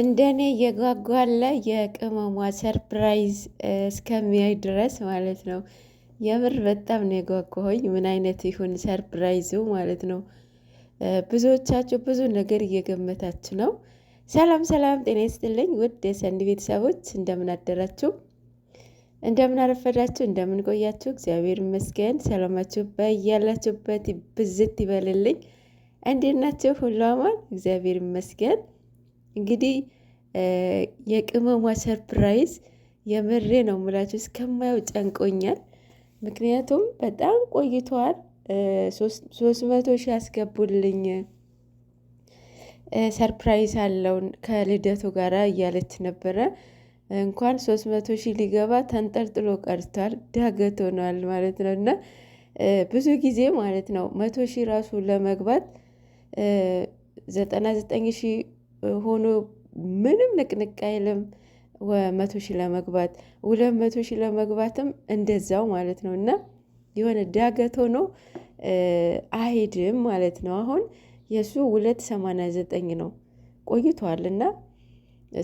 እንደኔ የጓጓለ የቅመሟ ሰርፕራይዝ እስከሚያይ ድረስ ማለት ነው። የምር በጣም ነው የጓጓሆኝ። ምን አይነት ይሁን ሰርፕራይዙ ማለት ነው። ብዙዎቻችሁ ብዙ ነገር እየገመታችሁ ነው። ሰላም ሰላም፣ ጤና ይስጥልኝ ውድ የሰንድ ቤተሰቦች እንደምን አደራችሁ፣ እንደምን አረፈዳችሁ፣ እንደምን ቆያችሁ? እግዚአብሔር ይመስገን። ሰላማችሁ በያላችሁበት ብዝት ይበልልኝ። እንዴት ናችሁ? ሁሉ አማን፣ እግዚአብሔር ይመስገን። እንግዲህ የቅመሟ ሰርፕራይዝ የምሬ ነው የምላችሁ እስከማየው ጨንቆኛል። ምክንያቱም በጣም ቆይተዋል። ሶስት መቶ ሺህ ያስገቡልኝ ሰርፕራይዝ አለውን ከልደቱ ጋር እያለች ነበረ። እንኳን ሶስት መቶ ሺህ ሊገባ ተንጠልጥሎ ቀርቷል። ዳገት ሆኗል ማለት ነው እና ብዙ ጊዜ ማለት ነው መቶ ሺህ ራሱ ለመግባት ዘጠና ዘጠኝ ሺህ ሆኖ ምንም ንቅንቅ አይልም። መቶ ሺህ ለመግባት ሁለት መቶ ሺህ ለመግባትም እንደዛው ማለት ነው እና የሆነ ዳገት ሆኖ አይሄድም ማለት ነው። አሁን የእሱ ሁለት ሰማንያ ዘጠኝ ነው ቆይቷል እና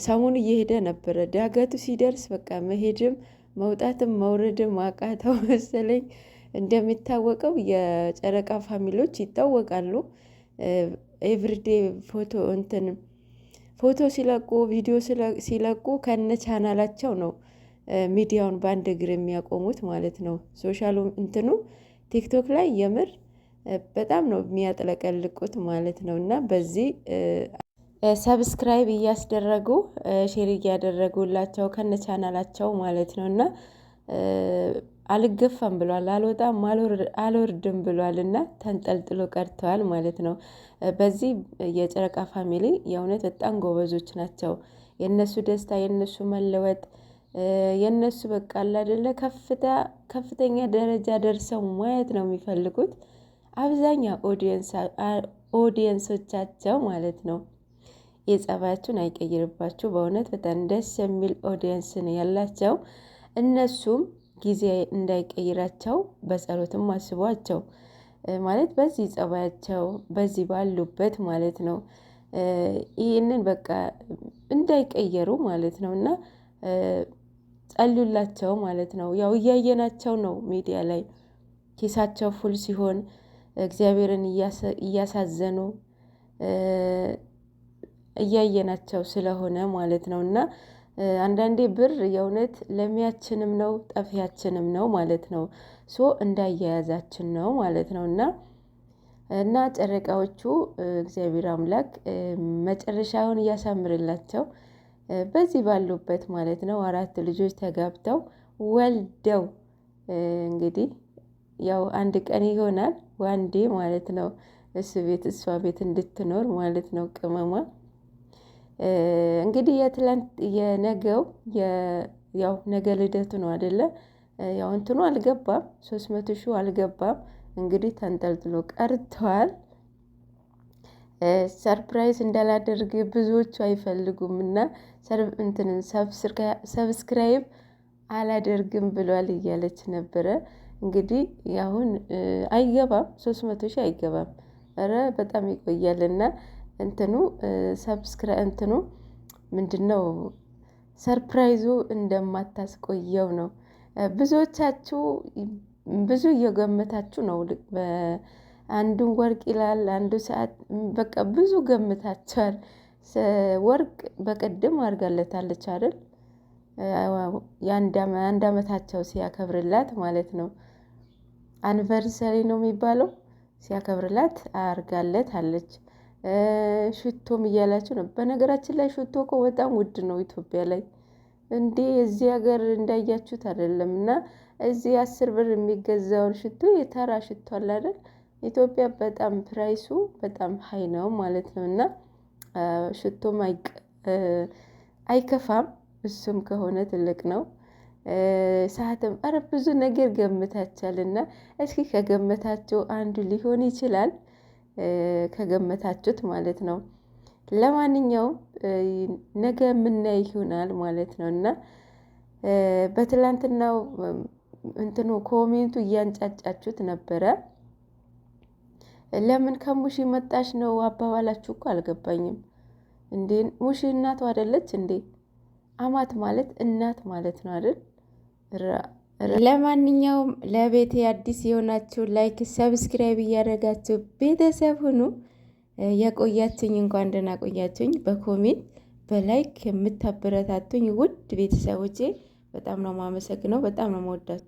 ሰሞኑ እየሄደ ነበረ። ዳገቱ ሲደርስ በቃ መሄድም መውጣትም መውረድም አቃተው መሰለኝ። እንደሚታወቀው የጨረቃ ፋሚሊዎች ይታወቃሉ። ኤቭሪዴ ፎቶ እንትን ፎቶ ሲለቁ ቪዲዮ ሲለቁ ከነ ቻናላቸው ነው ሚዲያውን በአንድ እግር የሚያቆሙት ማለት ነው። ሶሻሉ እንትኑ ቲክቶክ ላይ የምር በጣም ነው የሚያጥለቀልቁት ማለት ነው። እና በዚህ ሰብስክራይብ እያስደረጉ ሼር እያደረጉላቸው ከነ ቻናላቸው ማለት ነው እና አልገፋም ብሏል፣ አልወጣም አልወርድም ብሏል እና ተንጠልጥሎ ቀርተዋል ማለት ነው። በዚህ የጨረቃ ፋሚሊ የእውነት በጣም ጎበዞች ናቸው። የእነሱ ደስታ፣ የእነሱ መለወጥ፣ የእነሱ በቃ አላደለ ከፍተኛ ደረጃ ደርሰው ማየት ነው የሚፈልጉት አብዛኛው ኦዲየንሶቻቸው ማለት ነው። የጸባያችሁን አይቀይርባችሁ። በእውነት በጣም ደስ የሚል ኦዲየንስ ነው ያላቸው። እነሱም ጊዜ እንዳይቀይራቸው በጸሎትም አስቧቸው። ማለት በዚህ ጸባያቸው በዚህ ባሉበት ማለት ነው። ይህንን በቃ እንዳይቀየሩ ማለት ነው እና ጸልዩላቸው ማለት ነው። ያው እያየናቸው ነው ሚዲያ ላይ ኪሳቸው ፉል ሲሆን እግዚአብሔርን እያሳዘኑ እያየናቸው ስለሆነ ማለት ነው እና አንዳንዴ ብር የእውነት ለሚያችንም ነው ጠፊያችንም ነው ማለት ነው። ሶ እንዳያያዛችን ነው ማለት ነው። እና እና ጨረቃዎቹ እግዚአብሔር አምላክ መጨረሻውን እያሳምርላቸው በዚህ ባሉበት ማለት ነው። አራት ልጆች ተጋብተው ወልደው እንግዲህ ያው አንድ ቀን ይሆናል ዋንዴ ማለት ነው እሱ ቤት እሷ ቤት እንድትኖር ማለት ነው ቅመሟ እንግዲህ የትላንት የነገው ያው ነገ ልደቱ ነው አይደለ? ያው እንትኑ አልገባም፣ ሶስት መቶ ሺህ አልገባም። እንግዲህ ተንጠልጥሎ ቀርተዋል። ሰርፕራይዝ እንዳላደርግ ብዙዎቹ አይፈልጉም እና እንትን ሰብስክራይብ አላደርግም ብሏል እያለች ነበረ። እንግዲህ አሁን አይገባም፣ ሶስት መቶ ሺህ አይገባም። ኧረ በጣም ይቆያልና እንትኑ ሰብስክራ እንትኑ ምንድን ነው ሰርፕራይዙ እንደማታስቆየው ነው። ብዙዎቻችሁ ብዙ እየገመታችሁ ነው። አንዱን ወርቅ ይላል አንዱ ሰዓት በቃ ብዙ ገምታችኋል። ወርቅ በቀደም አድርጋለታለች አይደል? የአንድ ዓመታቸው ሲያከብርላት ማለት ነው። አኒቨርሰሪ ነው የሚባለው ሲያከብርላት አርጋለት አለች። ሽቶም እያላችሁ ነው። በነገራችን ላይ ሽቶ እኮ በጣም ውድ ነው ኢትዮጵያ ላይ እንዴ እዚህ ሀገር እንዳያችሁት አይደለም። እና እዚህ አስር ብር የሚገዛውን ሽቶ የተራ ሽቶ አለ አይደል? ኢትዮጵያ በጣም ፕራይሱ በጣም ሀይ ነው ማለት ነው። እና ሽቶም አይከፋም፣ እሱም ከሆነ ትልቅ ነው። ሰዓትም አረ ብዙ ነገር ገምታችኋል። እና እስኪ ከገምታቸው አንዱ ሊሆን ይችላል ከገመታችሁት ማለት ነው። ለማንኛውም ነገ የምናይ ይሆናል ማለት ነው እና በትላንትናው እንትኑ ኮሜንቱ እያንጫጫችሁት ነበረ። ለምን ከሙሽ መጣሽ ነው አባባላችሁ እኮ አልገባኝም። እንዴ ሙሽ እናቱ አደለች እንዴ? አማት ማለት እናት ማለት ነው አይደል? ለማንኛውም ለቤቴ አዲስ የሆናችሁ ላይክ፣ ሰብስክራይብ እያደረጋችሁ ቤተሰብ ሁኑ። የቆያችኝ እንኳን ደህና ቆያችሁኝ። በኮሜንት በላይክ የምታበረታቱኝ ውድ ቤተሰቦቼ በጣም ነው ማመሰግነው። በጣም ነው መወዳችሁ።